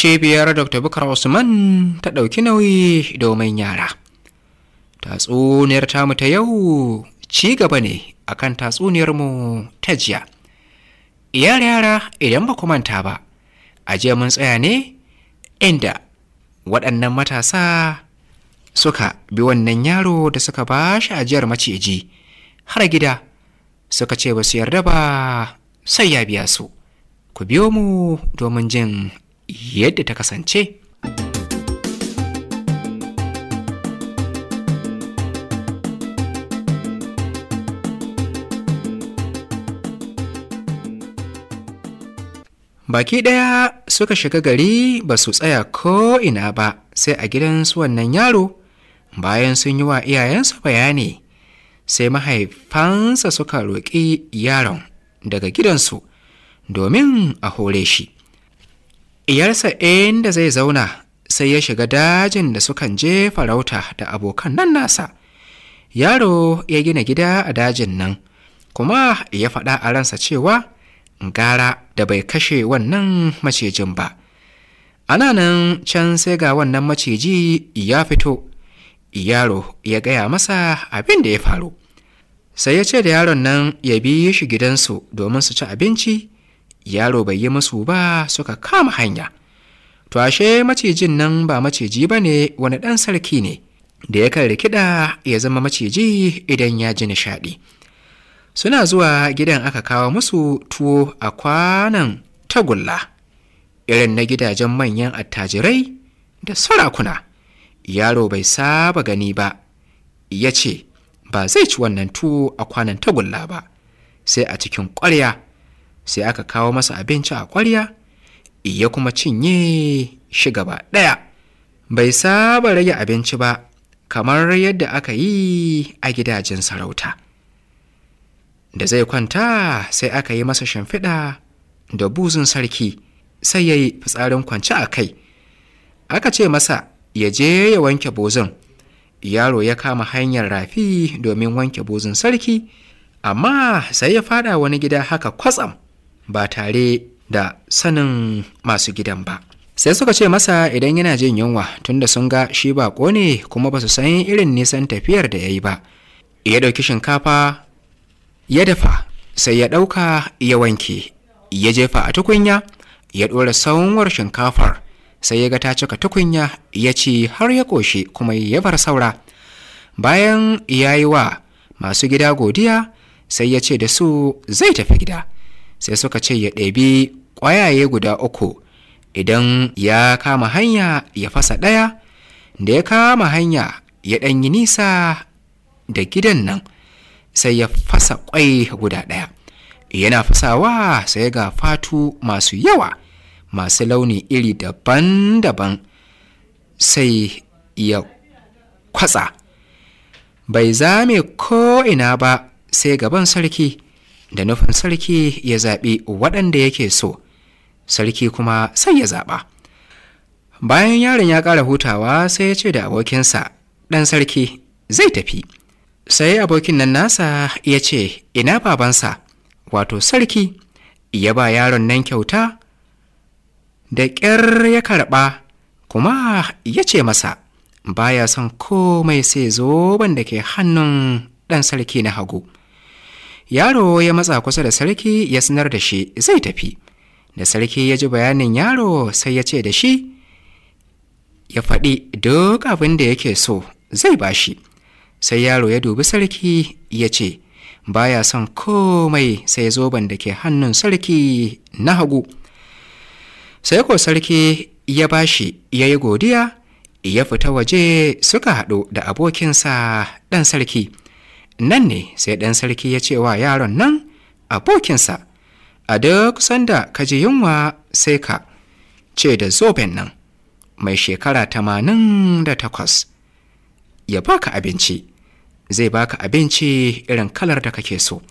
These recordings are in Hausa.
cibiyar dr bukar usman ta ɗauki nauyi domin yara tatsuniyar tamu ta yau ci gaba ne a kan tatsuniyar mu ta jiya iyar yara idan ba manta ba a jiya mun tsaya ne inda waɗannan matasa suka bi wannan yaro da suka ba shi ajiyar maciji har gida suka ce ba su yarda ba sai ya biya su ku biyo mu domin jin yadda ta kasance baki ɗaya suka shiga gari ba su tsaya ko'ina ba sai a gidan su wannan yaro bayan sun yi wa iyayensu bayani sai mahaifansa suka roƙi yaron daga gidansu domin a hore shi iyarsa inda zai zauna sai ya shiga dajin da sukan je farauta da abokan nan nasa yaro ya gina gida a dajin nan kuma ya faɗa a ransa cewa gara da bai kashe wannan macijin ba ana nan can sai ga wannan maciji ya fito yaro ya gaya masa abin da ya faru sai ya ce da yaron nan ya bi shi gidansu domin su ci abinci yaro bai yi musu ba suka kama hanya to ashe macijin nan ba maciji ba ne wani ɗan sarki ne da ya kan rikida ya zama maciji idan ya ji nishaɗi suna zuwa gidan aka kawo musu tuwo a kwanan tagulla irin na gidajen manyan attajirai da sarakuna yaro bai saba gani ba ya ce ba zai ci wannan tuwo a kwanan tagulla ba sai a cikin ƙwarya sai aka kawo masa abinci a ƙwarya iya kuma cinye shi gaba ɗaya bai saba rage abinci ba kamar yadda aka yi a gidajen sarauta da zai kwanta sai aka yi masa shimfiɗa da buzun sarki sai ya yi fitsarin kwanci a kai aka ce masa ya je ya wanke buzun yaro ya kama hanyar rafi domin wanke buzun sarki amma sai ya fada wani gida haka kwatsam ba tare da sanin masu gidan ba sai suka ce masa idan yana jin yunwa tunda sun ga shi baƙo ne kuma ba su san irin nisan tafiyar da ya yi ba ya ɗauki shinkafa ya dafa sai ya ɗauka ya wanke ya jefa a tukunya ya ɗora sauwar shinkafar sai ya ga ta cika tukunya ya ci har ya ƙoshi kuma ya bar saura bayan ya yi wa masu gida godiya sai ya ce da su zai tafi gida sai suka ce ya ɗabi ƙwayaye guda uku idan ya kama hanya ya fasa ɗaya da ya kama hanya ya ɗan yi nisa da gidan nan sai ya fasa ƙwai guda ɗaya yana fasawa sai ga fatu masu yawa masu launi iri daban-daban sai ya kwatsa bai zame ko'ina ba sai gaban sarki da nufin sarki ya zaɓi waɗanda yake so sarki kuma sai ya zaɓa bayan yaron ya ƙara hutawa sai ya ce da abokinsa ɗan sarki zai tafi sai abokin nan nasa ya ce ina babansa wato sarki ya ba yaron nan kyauta da ƙyar ya karɓa kuma ya ce masa baya son komai sai zoben da ke hannun ɗan sarki na hagu yaro ya matsa kusa da sarki ya sanar da shi zai tafi da sarki ya ji bayanin yaro sai ya ce da shi ya faɗi duk abin da yake so zai ba shi sai yaro ya dubi sarki ya ce baya son komai sai zoben da ke hannun sarki na hagu sai ko sarki ya ba shi ya yi godiya ya fita waje suka haɗu da abokinsa ɗan sarki nan ne sai ɗan sarki ya ce wa yaron nan abokinsa a duk sanda ka ji yunwa sai ka ce da zoben nan mai shekara tamanin da takwas ya baka abinci zai baka abinci irin kalar da kake so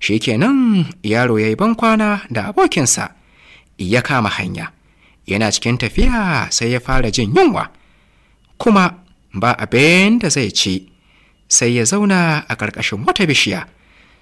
shi kenan yaro ya yi bankwana da abokinsa ya kama hanya yana cikin tafiya sai ya fara jin yunwa kuma ba abin da zai ci sai ya zauna a ƙarƙashin wata bishiya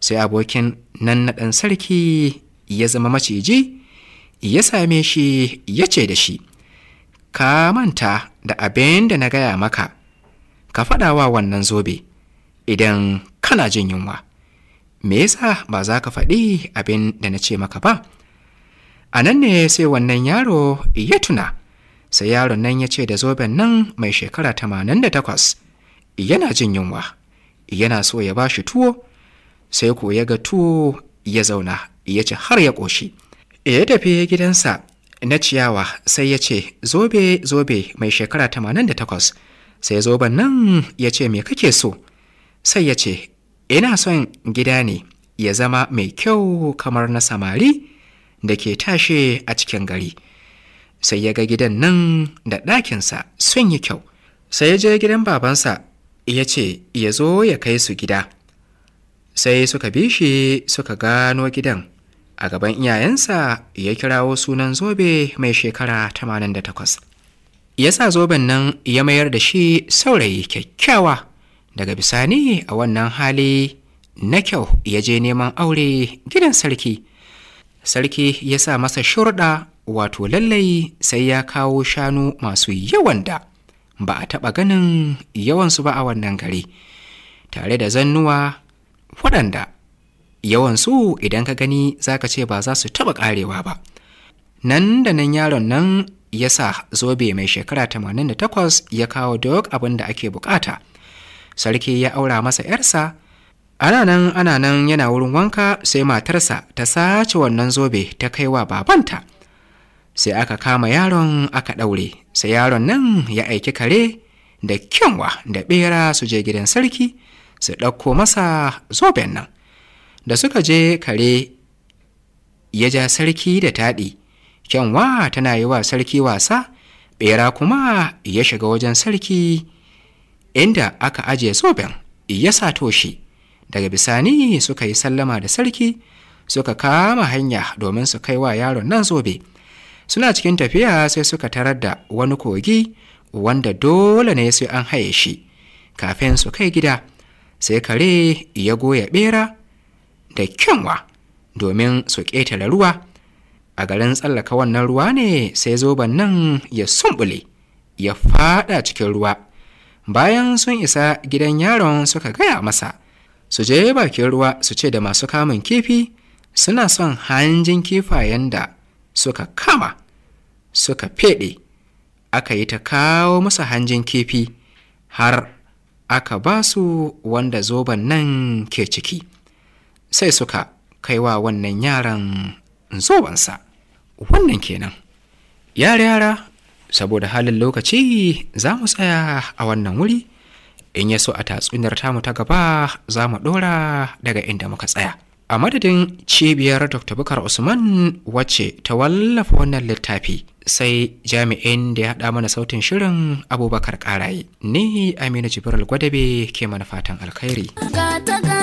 sai abokin nan na ɗan sarki ya zama maciji ya same shi ya ce da shi ka manta da abin da na gaya maka ka faɗa wa wannan zobe idan kana jin yunwa me yasa ba za ka faɗi abin da na ce maka ba a nan ne sai wannan yaro ya tuna sai yaron nan ya ce da zoben nan mai shekara 88 yana jin yunwa yana so ya ba shi tuwo sai ko ya ga tuwo ya zauna ya ci har ya ƙoshi ya tafi gidansa na ciyawa sai ya ce zobe zobe mai shekara 88 sai zoben nan ya ce me kake so sai ya ce ina son gida ne ya zama mai kyau kamar na samari da ke tashe a cikin gari sai ya ga gidan nan da ɗakinsa sun yi kyau sai ya je gidan babansa ya ce ya zo ya kai su gida sai suka bi shi suka gano gidan a gaban iyayensa ya kirawo sunan zobe mai shekara 88 ya sa zoben nan ya mayar da shi saurayi kyakkyawa daga bisani a wannan hali na kyau ya je neman aure gidan sarki sarki ya sa masa shurɗa wato lallai sai ya kawo shanu masu yawan da ba a taɓa ganin yawansu ba a wannan gari tare da zannuwa waɗanda yawansu idan ka gani za ka ce ba za su taɓa ƙarewa ba nan da nan yaron nan ya sa zobe mai shekara 88 ya kawo duk abin da ake bukata sarki ya aura masa 'yarsa ana nan ana nan yana wurin wanka sai matarsa ta sace wannan zobe ta kai wa babanta sai aka kama yaron aka ɗaure sai yaron nan ya aiki kare da kyanwa da ɓera su je gidan sarki su ɗauko masa zoben nan da suka je kare ya ja sarki da taɗi kyanwa tana yi wa sarki wasa ɓera kuma ya shiga wajen sarki inda aka ajiye zoben ya sa shi daga bisani suka yi sallama da sarki suka kama hanya domin su kai wa yaron nan zobe suna cikin tafiya sai suka tarar da wani kogi wanda dole ne sai an haye shi kafin su kai gida sai kare ya goya bera da kyanwa domin su ƙetare ruwa a garin tsallaka wannan ruwa ne sai zoben nan ya sumbule ya fada cikin ruwa bayan sun isa gidan yaron suka gaya masa su je bakin ruwa su ce da masu kamun kifi suna son hanjin kifayen da suka kama suka feɗe aka yi ta kawo masa hanjin kifi har aka ba su wanda zoban nan ke ciki sai suka kaiwa wannan yaran zobansa wannan kenan yare yara saboda halin lokaci za mu tsaya a wannan wuri in ya so a tatsuniyar tamu ta gaba za mu ɗora daga inda muka tsaya a madadin cibiyar dr bukar usman wacce ta wallafa wannan littafi sai jami'in da ya haɗa mana sautin shirin abubakar karaye ni aminu jibril gwadabe ke mana fatan alkhairi